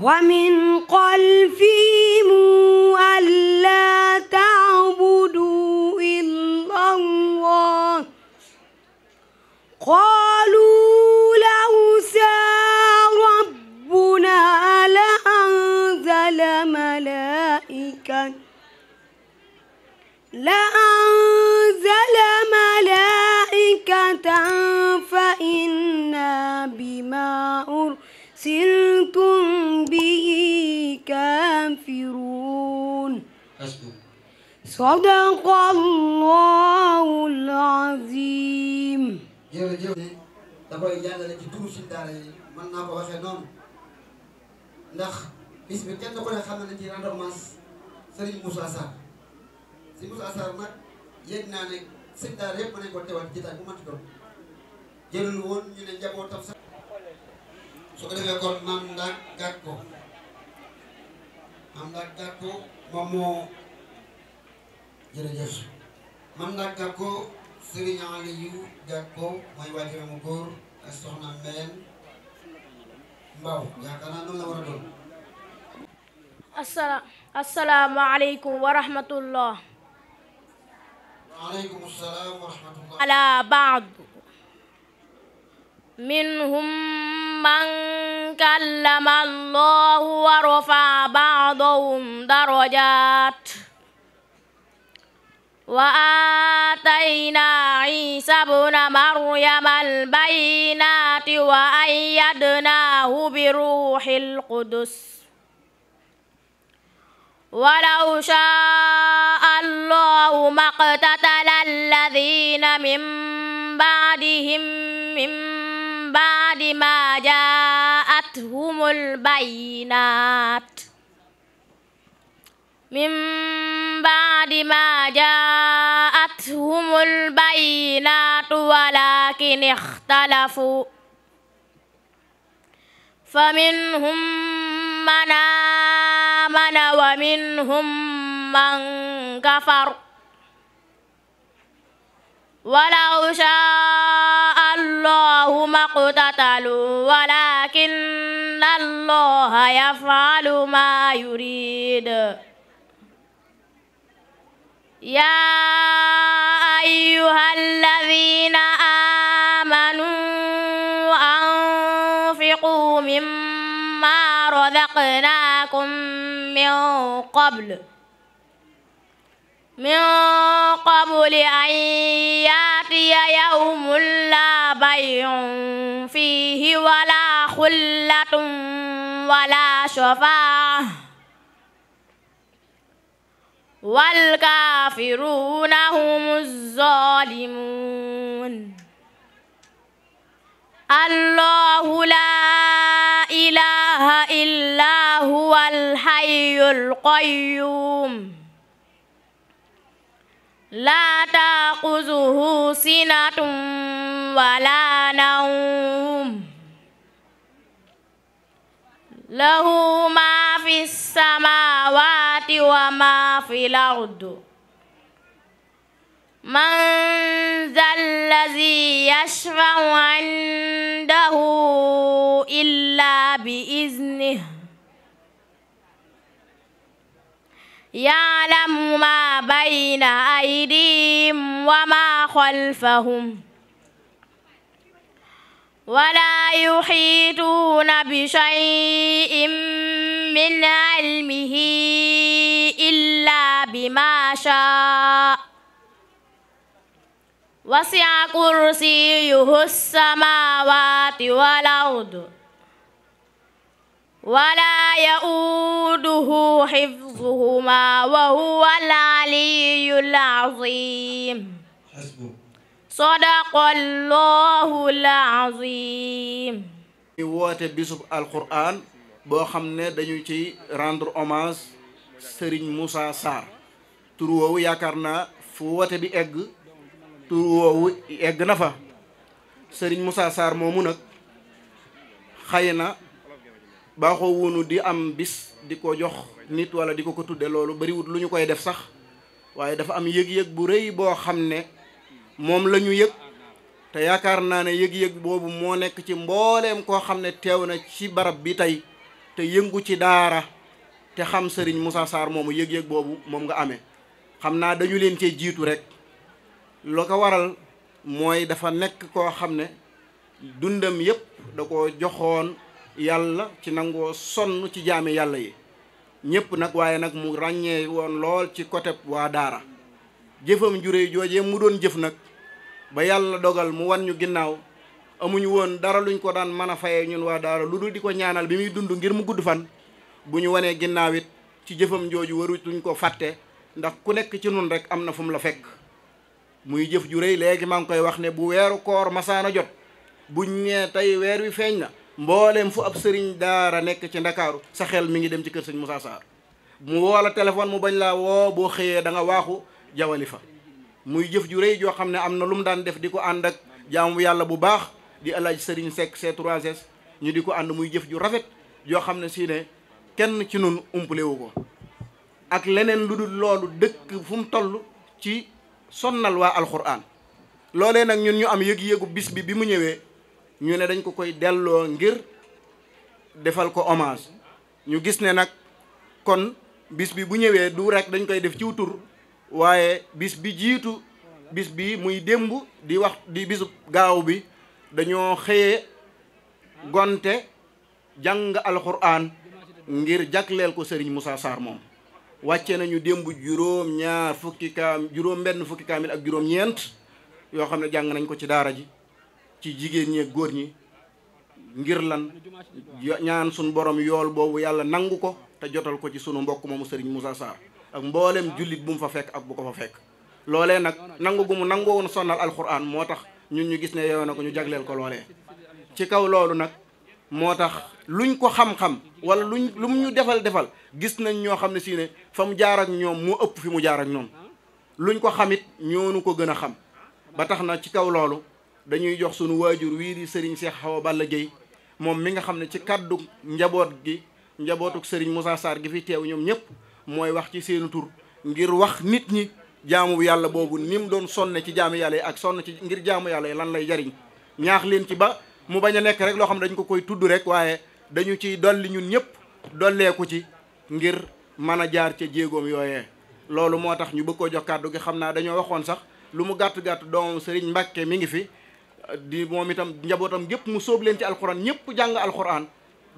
ومن خلفهم ألا تعبدوا إلا الله قالوا لو سعى ربنا لأنزل ملائكة لأنزل ملائكة فإنا بما أرسل ينتصرون صدق الله العظيم jërëjëf da koy jàngale ci turu si daara mën naa ko waxee noonu ndax bis bi kenn ko ne xam ne ci rendement Serigne Moussa si Moussa Sarr nag naa ne sëñ daara yëpp mën nañ ko teewal jotaay bu doon jëlul woon ñu ne njabootam sax su ko defee kon maam ndaag gàtt ko Mamdak Gakko moom moo jërëjëf Mamdak Gakko Serigne Aliou Gakko mooy waajuram mu góor ak soxna Mbeen Mbaw yaakaar naa noonu la war a doon asala asalaamaaleykum wa rahmatullah waaleykum salaam wa rahmatullah ala baad minhum من كلم الله ورفع بعضهم درجات وآتينا عيسى ابن مريم البينات وأيدناه بروح القدس ولو شاء الله ما اقتتل الذين من بعدهم من بعد ما جاءتهم البينات من بعد ما جاءتهم البينات ولكن اختلفوا فمنهم من آمن ومنهم من كفر ولو شاء اللهم اقتتلوا ولكن الله يفعل ما يريد يا أيها الذين آمنوا أنفقوا مما رزقناكم من قبل من قبل أن يأتي يوم لا بيع فيه ولا خلة ولا شفاعة والكافرون هم الظالمون الله لا إله إلا هو الحي القيوم لا تأخذه سنة ولا نوم له ما في السماوات وما في الأرض من ذا الذي يشفع عنده إلا بإذنه يعلم ما بين أيديهم وما خلفهم ولا يحيطون بشيء من علمه إلا بما شاء وسع كرسيه السماوات والأرض ولا يؤوده حفظهما يرزقهما وهو العلي العظيم صدق الله العظيم woote bisub alquran boo xam ne dañu ci rendre hommage Serigne Moussa Sarr tur woowu yaakaar na fu woote bi egg tur woowu egg na fa Serigne Moussa moomu nag xëy na baaxoo wunu di am bis di ko jox nit wala di ko ko tudde loolu bariwut lu ñu koy def sax waaye dafa am yëg-yëg bu rëy boo xam ne moom lañu ñu te yaakaar naa ne yëg-yëg boobu moo nekk ci mbooleem koo xam ne teew na ci barab bi tey te yëngu ci daara te xam sëriñ Moussa Sarr moomu yëg-yëg boobu moom nga amee xam naa dañu leen cee jiitu rek loo ko waral mooy dafa nekk koo xam ne dundam yépp da ko joxoon yàlla ci nangoo sonn ci jaame yàlla yi ñëpp nag waaye nag mu ràññee woon lool ci côté waa daara jëfam juré joojee mu doon jëf nag ba yàlla dogal mu wan ñu ginnaaw amuñu woon dara luñ ko daan mën a fayee ñun waa daara lu dul di ko ñaanal bi muy dund ngir mu gudd fan bu ñu wanee ginnaaw it ci jëfam jooju warutuñ ko fàtte ndax ku nekk ci nun rek am na fu la fekk muy jëf ju réy léegi maa ngi koy wax ne bu weeru koor masaana jot bu nee tey weer wi feeñ na mboolem fu ab sëriñ daara nekk ci ndakaaru sa xel mi ngi dem ci kër sëñ Moussa Sarr mu woo la téléphone mu bañ laa woo boo xëyee da nga waaxu jawali fa muy jëf ju rëy joo xam ne am na lu mu daan def di ko ànd ak jaamu yàlla bu baax di alaaj sëriñ Seck c 3 ñu di ko ànd muy jëf ju rafet yoo xam ne si kenn ci nun umpale wu ko ak leneen lu dul loolu dëkk fu mu toll ci sonnal waa alxuraan loolee nag ñun ñu am yëg-yëgu bis bi bi mu ñëwee ñu ne dañ ko koy delloo ngir defal ko omage ñu gis ne nag kon bis bi bu ñëwee du rek dañ koy def ci tur waaye bis bi jiitu bis bi muy démb di wax di bisu gaaw bi dañoo xëyee gonte jàng alxuraan ngir jagleel ko Serigne Moussa Sarr moom wàcce nañu démb juróom ñaar fukki kaam juróom benn fukki kaamil ak juróom ñeent yoo xam ne jàng nañ ko ci daara ji ci jigéen ñee góor ñi ngir lan ñaan suñ borom yool boobu yàlla nangu ko te jotal ko ci sunu mbokk moomu sëriñ musa saa ak mbooleem jullit bu mu fa fekk ak bu ko fa fekk loolee nag nangu gu mu nangoo woon sonnal alxuraan moo tax ñun ñu gis ne yow na ko ñu jagleel ko loolee ci kaw loolu nag moo tax luñ ko xam-xam wala luñ lu ñu defal defal gis nañ ñoo xam ne si fa mu jaar ak ñoom mu ëpp fi mu jaar ak ñoom luñ ko xamit ñoonu ko gën a xam ba tax na ci kaw loolu dañuy jox sunu waajur wii di sëriñ Cheikh Awa Balla Gueye moom mi nga xam ne ci kaddu njaboot gi njabootuk sëriñ Moussa saar gi fi teew ñoom ñëpp mooy wax ci seenu tur ngir wax nit ñi jaamu yàlla boobu ni mu doon sonne ci jaamu yàlla yi ak sonn ci ngir jaamu yàlla yi lan lay jariñ ñaax leen ci ba mu bañ a nekk rek loo xam ne dañ ko koy tudd rek waaye dañu ciy dolli ñun ñëpp dolleeku ci ngir mën a jaar ca jéegoom yooyee loolu moo tax ñu bëgg jox kàddu gi xam naa dañoo waxoon sax lu mu gàtt gàtt doomam sëriñ Mbàkke mi ngi fi di moom itam njabootam gépp mu sóob leen ci alxuraan ñëpp jàng alxuraan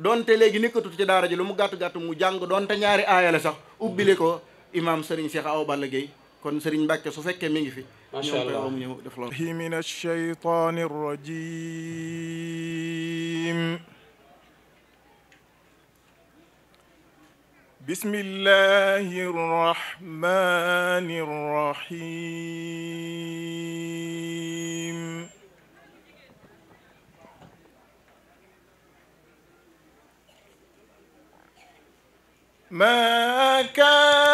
donte léegi nekkatut ci daara ji lu mu gàtt gàtt mu jàng donte ñaari aaya la sax ubbile ko imaam Serigne Cheikh Awa Balla Gueye kon Serigne Mbacke su fekkee mi ngi fi. macha allah ñëw def loolu. ما كان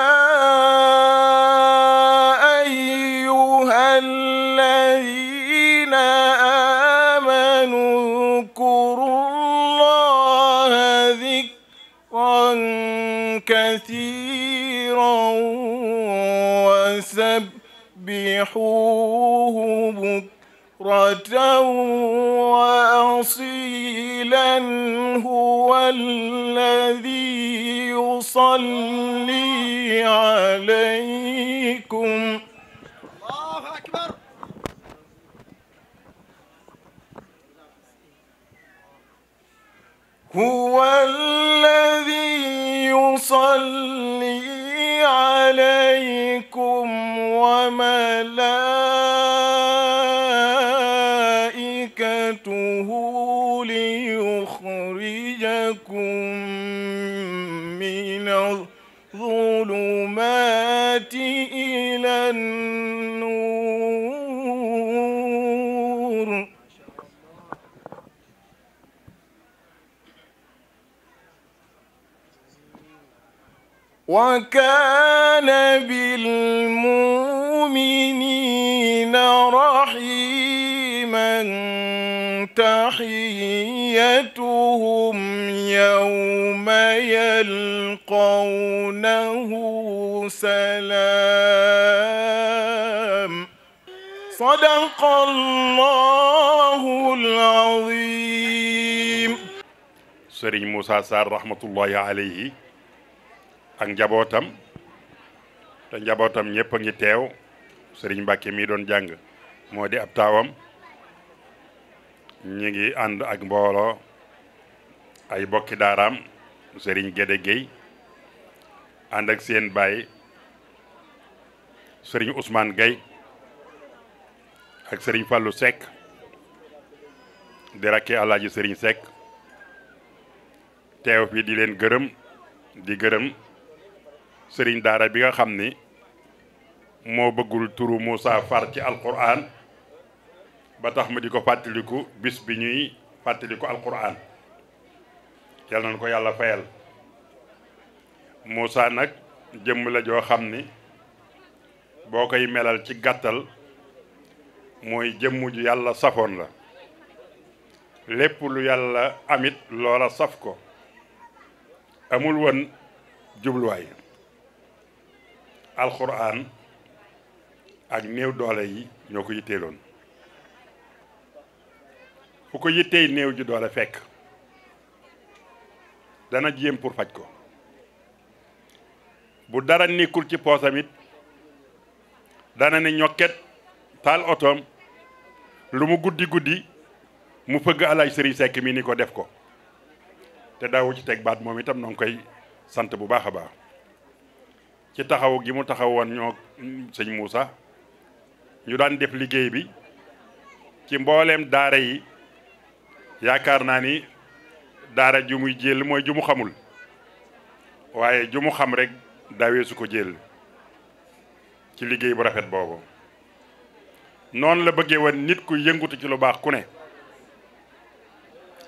هو الذي يصلي عليكم وملائكته وكان بالمؤمنين رحيما تحيتهم يوم يلقونه سلام صدق الله العظيم sëriñ Moussa Sarr rahmatullahi alayhi ak njabootam te njabootam ñëpp a teew sëriñ Mbàkke mi doon jàng moo di ab taawam ñu ngi ànd ak mbooloo ay bokki daaraam sëriñ Gédé Guèye ànd ak seen baay sëriñ Ousmane Guèye ak sëriñ Fallou Seck di alaaji sëriñ sekk teew fi di leen gërëm di gërëm sëriñ daara bi nga xam ni moo bëggul turu Moussa Far ci alquran ba tax ma di ko fàttaliku bis bi ñuy fàttaliku alquran yal nañu ko yàlla fayal Moussa nag jëmm la joo xam ni boo koy melal ci gàttal mooy jëmm ju yàlla safoon la lépp lu yàlla amit loola saf ko amul woon jubluwaay alxuraan ak néew doole yi ñoo ko yitteeloon fu ko yittee néew ji doole fekk dana jéem pour faj ko bu dara nekkul ci poosam it dana ne ñokket taal otoom lu mu guddi guddi mu fëgg alaaj sëriñ sekk mi ni ko def ko te daawu ci teg baat moom itam noo koy sant bu baax a baax ci taxaw gi mu taxaw woon ñoo sëñ Moussa ñu daan def liggéey bi ci mbooleem daara yi yaakaar naa ni daara ju muy jël mooy ju mu xamul waaye ju mu xam rek dawee su ko jél ci liggéey bu rafet boobu noonu la bëggee woon nit ku yëngutu ci lu baax ku ne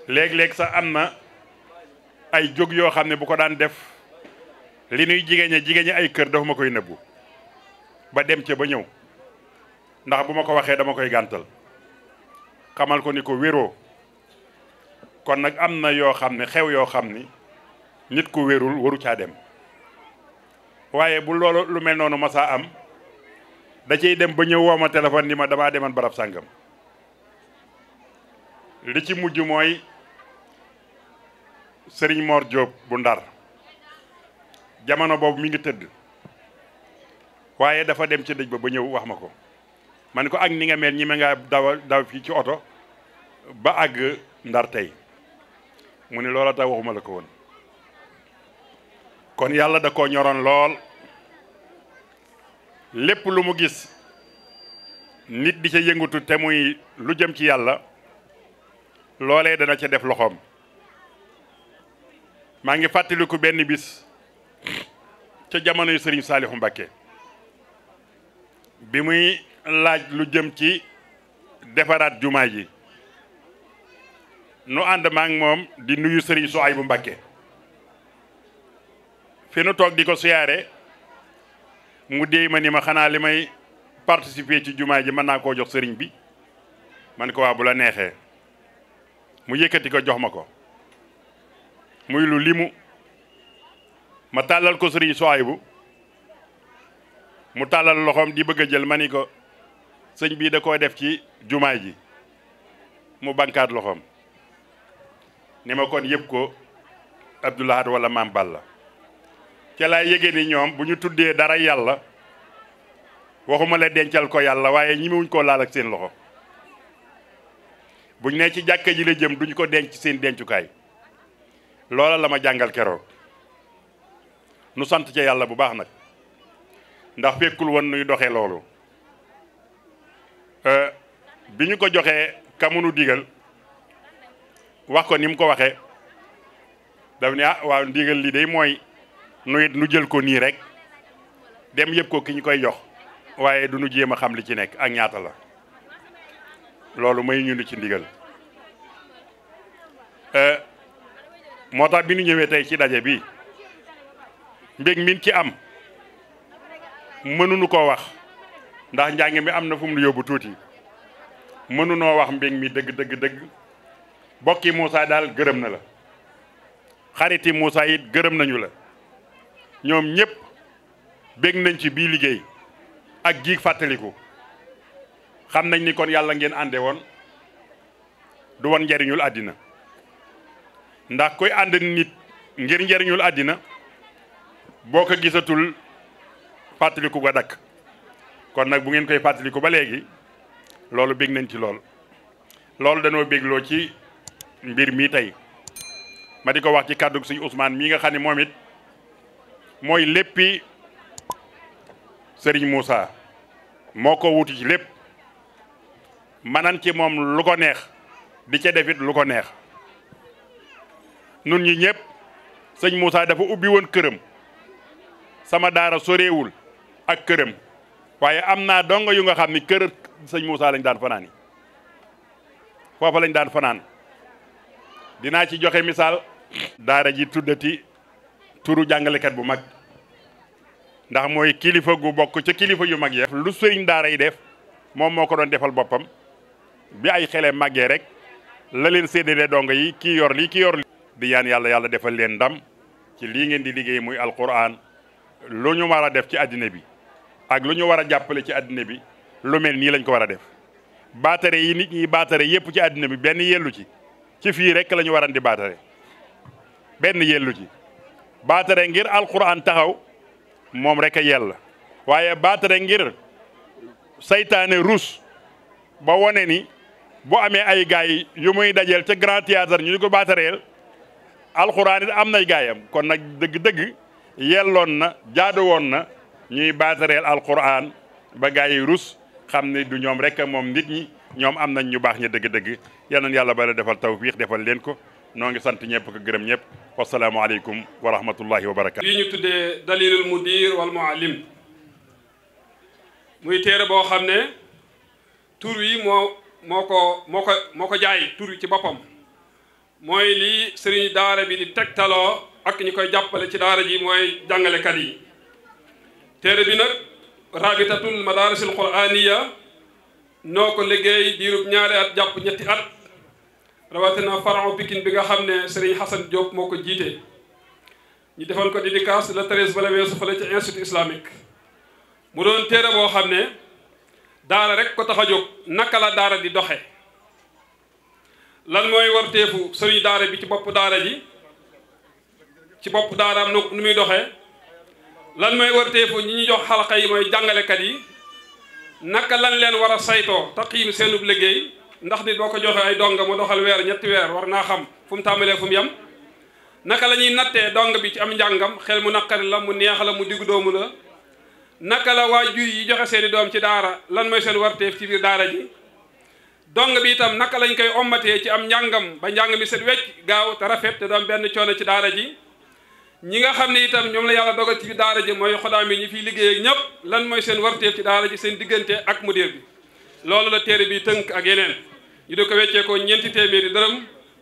léeg-léeg sax am na ay jóg yoo xam ne bu ko daan def li nuy jigéen jigéen ñi ay kër dafa ma koy nëbbu ba dem ca ba ñëw ndax bu ma ko waxee dama koy gantal xamal ko ni ko wéroo kon nag am na yoo xam ne xew yoo xam ni nit ku wérul waru caa dem waaye bu loolu lu mel noonu masaa am da cay dem ba ñëw woo ma téléphone ni ma damaa demaan barab sàngam li ci mujj mooy sëriñ Mor Diop bu Ndar jamono boobu mu ngi tëdd waaye dafa dem ci dëj ba ba ñëw wax ma ko man ko ak ni nga mel ñi ma ngaa daw daw fii ci oto ba àgg ndar tey mu ne loola tax waxuma la ko woon kon yàlla da koo ñoroon lool lépp lu mu gis nit di ca yëngatu te muy lu jëm ci yàlla loolee dana ca def loxoom maa ngi fàttaliku benn bis ca jamonoy sëriñ Saalihu Mbàkke bi muy laaj lu jëm ci defaraat jumaa ji nu ànd maak moom di nuyu sëriñ Suhaybu Mbàkke fi nu toog di ko siyaare mu déy ma ni ma xanaa li may participer ci jumaa ji mën naa koo jox sëriñ bi man ko waa bu la neexee mu yëkkati ko jox ma ko muy lu limu ma tàllal ko sëriñ bu mu tàllal loxoom di bëgg a jël ma ni ko sëñ bii da koo def ci jumaay ji mu bankaat loxoom ni ma kon yëpp ko Abdou Lahad wala Maam Balla ca laay yëgee ni ñoom bu ñu tuddee dara yàlla waxuma la dencal ko yàlla waaye ñimewuñ koo laal ak seen loxo buñ ne ci jàkka ji la jëm duñ ko denc seen dencukaay loola la ma jàngal keroog nu sant ca yàlla bu baax nag ndax fekkul woon nuy doxee loolu euh, bi ñu ko joxee kamunu digal wax ko ni mu ko waxee daf ne ah waaw ndigal li day mooy nu it nu jël ko nii rek dem yëpp ko ki ñu koy jox waaye du nu jéem a xam li ci nekk ak ñaata la loolu may ñu ci ndigal euh, moo tax bi nu ñëwee tey ci daje bi mbég min ci am mënuñu koo wax ndax njàng mi am na fu mu nu yóbbu tuuti mënunoo wax mbég mi dëgg dëgg dëgg bokki Moussa daal gërëm na la xariti Moussa it gërëm nañu la ñoom ñëpp bég nañ ci bii liggéey ak giig fàttaliku xam nañ ni kon yàlla ngeen ànde woon du won njariñul àddina ndax koy ànd nit ngir njariñul àddina boo ko gisatul fàttaliku ko dakk kon nag bu ngeen koy fàttaliku ba léegi loolu bég nañ ci lool loolu dañoo bégloo ci mbir mii tey ma di ko wax ci kàddu suñ Ousmane mii nga xam ne moom it mooy léppi sëriñ Moussa moo ko wuti ci lépp manan ci moom lu ko neex di ca defit lu ko neex nun ñi ñëpp sëñ Moussa dafa ubbi woon këram sama daara sorewul ak këram waaye am naa dongo yu nga xam ni kër sëñ Moussa lañ daan fanaan yi foofa lañ daan fanaan dinaa ci joxe misaal daara ji tuddati turu jàngalekat bu mag ndax mooy kilifa gu bokk ca kilifa yu mag yi lu sëriñ daara yi def moom moo ko doon defal boppam bi ay xele màggee rek la leen séddale dongo yi kii yor lii kii yor lii di yaan yàlla yàlla defal leen ndam ci lii ngeen di liggéey muy alquran lu ñu war a def ci àddina bi ak lu ñu war a jàppale ci àddina bi lu mel nii lañ ko war a def baatare yi nit ñi baatare yépp ci àddina bi benn yellu ci ci fii rek lañu ñu war a di baatare benn yellu ci baatare ngir alquran taxaw moom rek a yell waaye baatare ngir seytaane rus ba wone ni bu amee ay gaay yu muy dajeel ca grand théâtre ñu di ko baatareel alxuraan it am nay gaayam kon nag dëgg-dëgg yelloon na jaadu na ñuy baatareel alquran ba gaa yi rus xam ne du ñoom rek moom nit ñi ñoom am nañ ñu baax ña dëgg-dëgg yal nañ yàlla bala defal tawfiix defal leen ko noo ngi sant ñëpp ko gërëm ñëpp wasalaamualeykum wa rahmatullahi wa barakaatu. lii ñu tuddee dalilul mudir wal muallim muy téere boo xam ne tur yi moo moo ko moo ko moo ko jaay tur yi ci boppam mooy lii sëriñ daara di tegtaloo. ak ñi koy jàppale ci daara ji mooy jàngalekat yi téere bi nag rabitatul madarisil quraniya noo ko liggéey diirub ñaari at jàpp ñetti at rawatina faron Pikine bi nga xam ne seriñ Hassan Diop moo ko jiite ñu defan ko dédicace le treize bala weesu fële ci institut islamique mu doon téere boo xam ne daara rek ko tax a naka la daara di doxe lan mooy warteefu sëriñ daara bi ci bopp daara ji ci bopp daaraam nu nu muy doxee lan mooy warteefu ñi ñu jox xalqa yi mooy jàngalekat yi naka lan leen war a saytoo taqiim seenub liggéey ndax nit boo ko joxee ay dong mu doxal weer ñetti weer war naa xam fu mu tàmbalee fu mu yem naka la ñuy nattee dong bi ci am njàngam xel mu naqari la mu neex la mu diggu doomu la naka la waajur yi joxe seeni doom ci daara lan mooy seen warteef ci biir daara ji dong bi itam naka lañ koy ommatee ci am njàngam ba njàng mi set wecc gaaw te rafet te benn coono ci ji ñi nga xam ne itam ñoom la yàlla dogal ci daara ji mooy xodaam yi ñi fiy liggéey ak ñëpp lan mooy seen warteef ci daara ji seen diggante ak mudir bi loolu la téere bi tënk ak yeneen ñu di ko wecceekoo ñeenti téeméeri dërëm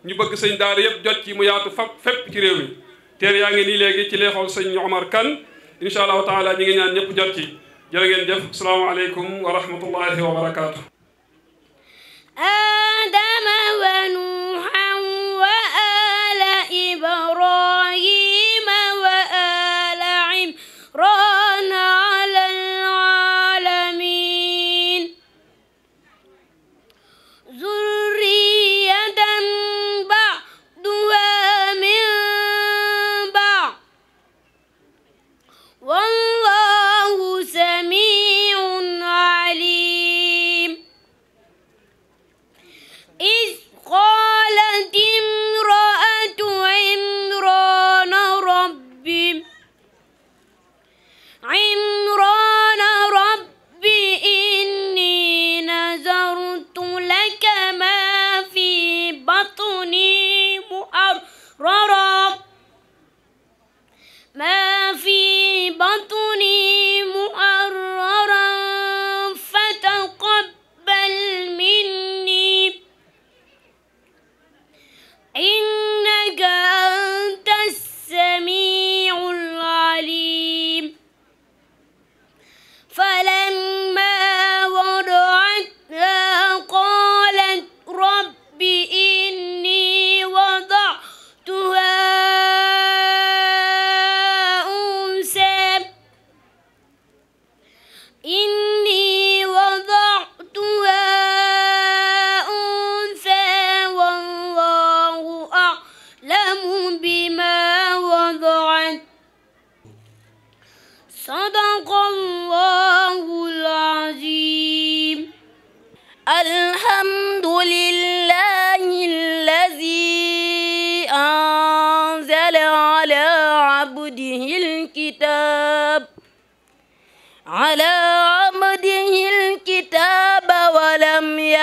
ñu bëgg sëñ daara yëpp jot ci mu yaatu fap fépp ci réew mi téere yaa ngi nii léegi ci leexool sëñ Omar kan incha allahu taala ñi ngi ñaan ñëpp jot ci jërë ngeen jëf salaamaaleykum wa rahmatullahi wa barakaatu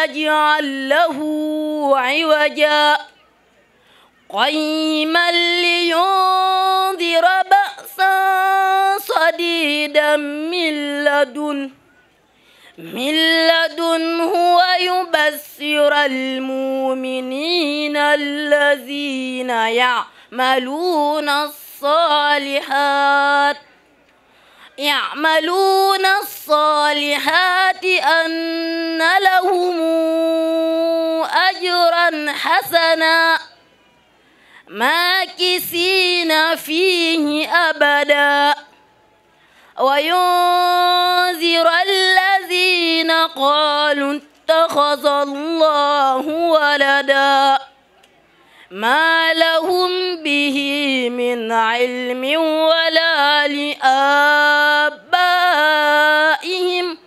يجعل له عوجا قيما لينذر بأسا صديدا من لدن من لدنه ويبصر المؤمنين الذين يعملون الصالحات يعملون الصالحات أن لهم أجرا حسنا ماكثين فيه أبدا وينذر الذين قالوا اتخذ الله ولدا ما لهم به من علم ولا لآبائهم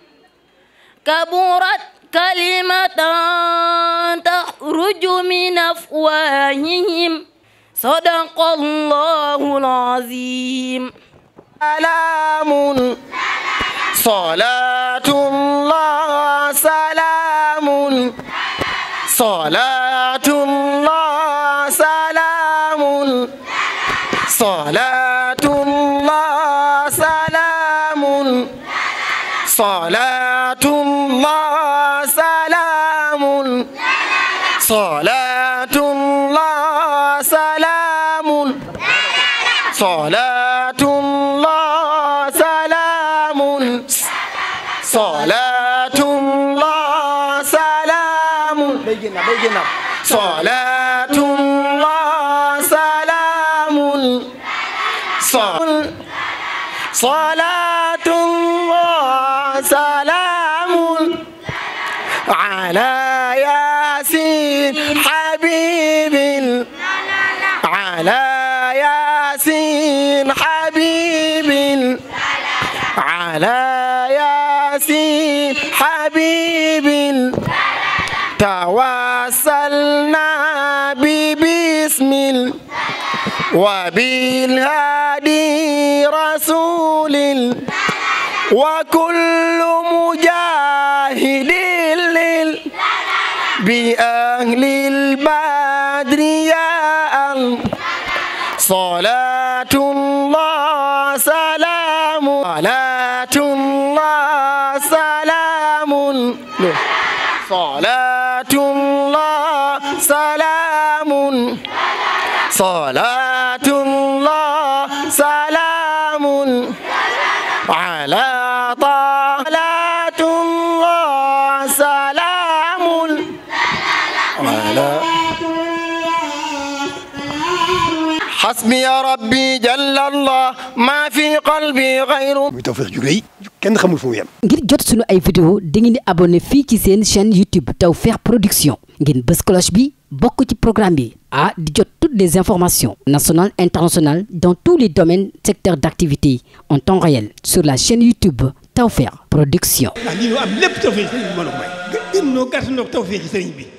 كبرت كلمة تخرج من أفواههم صدق الله العظيم سلام صلاة الله سلام صلاة سلام على ياسين حبيب على ياسين حبيب على ياسين حبيب توصلنا ببسم وبالهادي رسول الله وكل مجاهد لل بأهل البدر يا صلاة الله سلام صلاة الله سلام صلاة الله سلام صلاة xasbi ya rabbi jalla allah ma fi qalbi xayru muy Tawfekh ju kenn xamul fu mu ngir jot sunu ay vidéo dangeen di abonné fii ci seen chaîne YouTube Tawfekh Production ngeen bës cloche bi bokk ci programme bi ah di jot toutes les informations national internationales dans tous les domaines secteurs d'activité en temps réel sur la chaîne YouTube Tawfekh Production. Ah, am lépp